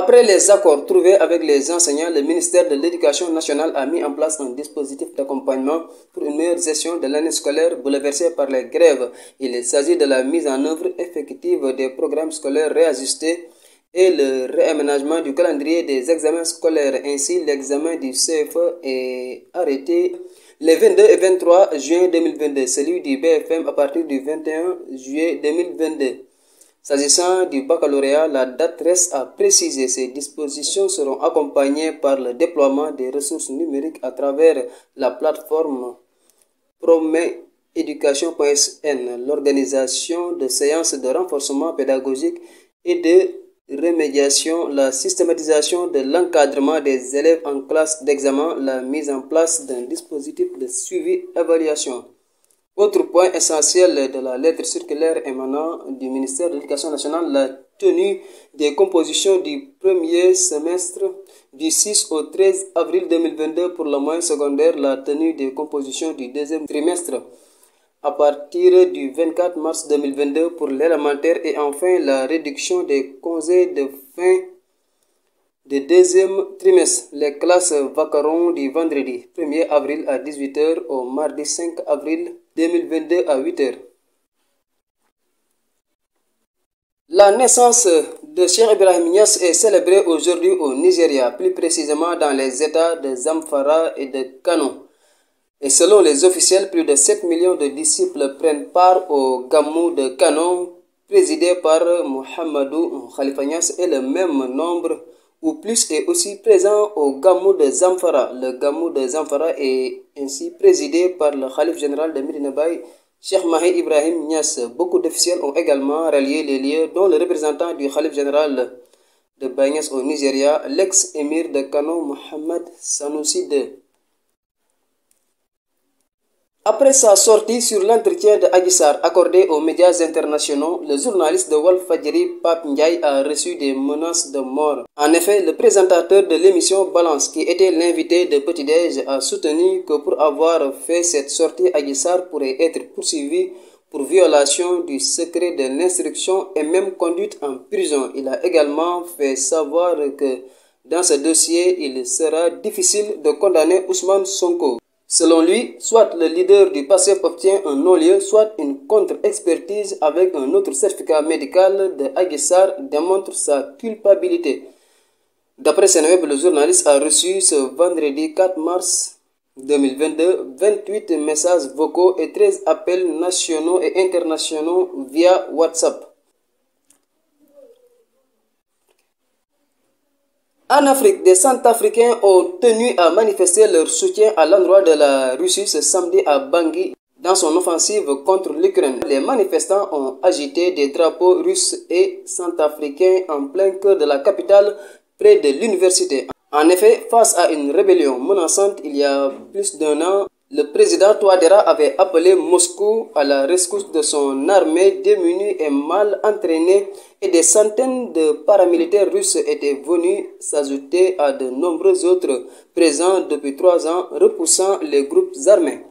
Après les accords trouvés avec les enseignants, le ministère de l'Éducation nationale a mis en place un dispositif d'accompagnement pour une meilleure gestion de l'année scolaire bouleversée par les grèves. Il s'agit de la mise en œuvre effective des programmes scolaires réajustés et le réaménagement du calendrier des examens scolaires. Ainsi, l'examen du CFE est arrêté les 22 et 23 juin 2022, celui du BFM à partir du 21 juillet 2022. S'agissant du baccalauréat, la date reste à préciser. Ces dispositions seront accompagnées par le déploiement des ressources numériques à travers la plateforme Promet éducation.sn, l'organisation de séances de renforcement pédagogique et de remédiation, la systématisation de l'encadrement des élèves en classe d'examen, la mise en place d'un dispositif de suivi-évaluation. Autre point essentiel de la lettre circulaire émanant du ministère de l'Éducation nationale, la tenue des compositions du premier semestre du 6 au 13 avril 2022 pour le moyen secondaire, la tenue des compositions du deuxième trimestre à partir du 24 mars 2022 pour l'élémentaire et enfin la réduction des congés de fin deuxième trimestre. Les classes vacaront du vendredi 1er avril à 18h au mardi 5 avril 2022 à 8 heures. La naissance de Cheikh Ibrahim Niass est célébrée aujourd'hui au Nigeria, plus précisément dans les États de Zamfara et de Kano. Et selon les officiels, plus de 7 millions de disciples prennent part au Gamou de Kano, présidé par Mohamedou Khalifa Niass, et le même nombre ou plus est aussi présent au Gamou de Zamfara. Le Gamou de Zamfara est ainsi présidé par le Khalif général de Medina Baye, Cheikh Mahi Ibrahim Nias. Beaucoup d'officiels ont également rallié les lieux, dont le représentant du Khalif général de Baye au Nigeria, l'ex-émir de Kano Mohamed Sanusi II. Après sa sortie sur l'entretien de Agissar accordé aux médias internationaux, le journaliste de Walfadjiri, Pape Ndiaye, a reçu des menaces de mort. En effet, le présentateur de l'émission Balance, qui était l'invité de Petit Déj, a soutenu que pour avoir fait cette sortie, Agissar pourrait être poursuivi pour violation du secret de l'instruction et même conduite en prison. Il a également fait savoir que dans ce dossier, il sera difficile de condamner Ousmane Sonko. Selon lui, soit le leader du PASSEF obtient un non soit une contre-expertise avec un autre certificat médical de Aguessar démontre sa culpabilité. D'après Seneweb, le journaliste a reçu ce vendredi 4 mars 2022 28 messages vocaux et 13 appels nationaux et internationaux via WhatsApp. En Afrique, des Centrafricains ont tenu à manifester leur soutien à l'endroit de la Russie ce samedi à Bangui dans son offensive contre l'Ukraine. Les manifestants ont agité des drapeaux russes et centrafricains en plein cœur de la capitale près de l'université. En effet, face à une rébellion menaçante il y a plus d'un an, Le président Touadéra avait appelé Moscou à la rescousse de son armée démunie et mal entraînée et des centaines de paramilitaires russes étaient venus s'ajouter à de nombreux autres présents depuis trois ans repoussant les groupes armés.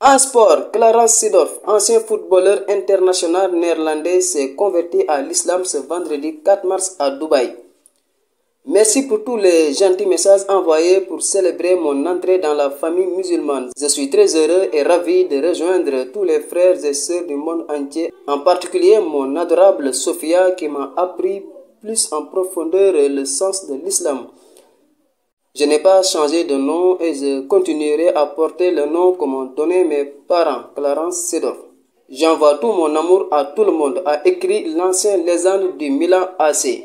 En sport, Clarence Seedorf, ancien footballeur international néerlandais, s'est converti à l'islam ce vendredi 4 mars à Dubaï. Merci pour tous les gentils messages envoyés pour célébrer mon entrée dans la famille musulmane. Je suis très heureux et ravie de rejoindre tous les frères et sœurs du monde entier, en particulier mon adorable Sophia qui m'a appris plus en profondeur le sens de l'islam. Je n'ai pas changé de nom et je continuerai à porter le nom que m'ont donné mes parents, Clarence Sedor. J'envoie tout mon amour à tout le monde, a écrit l'ancien légende du Milan AC.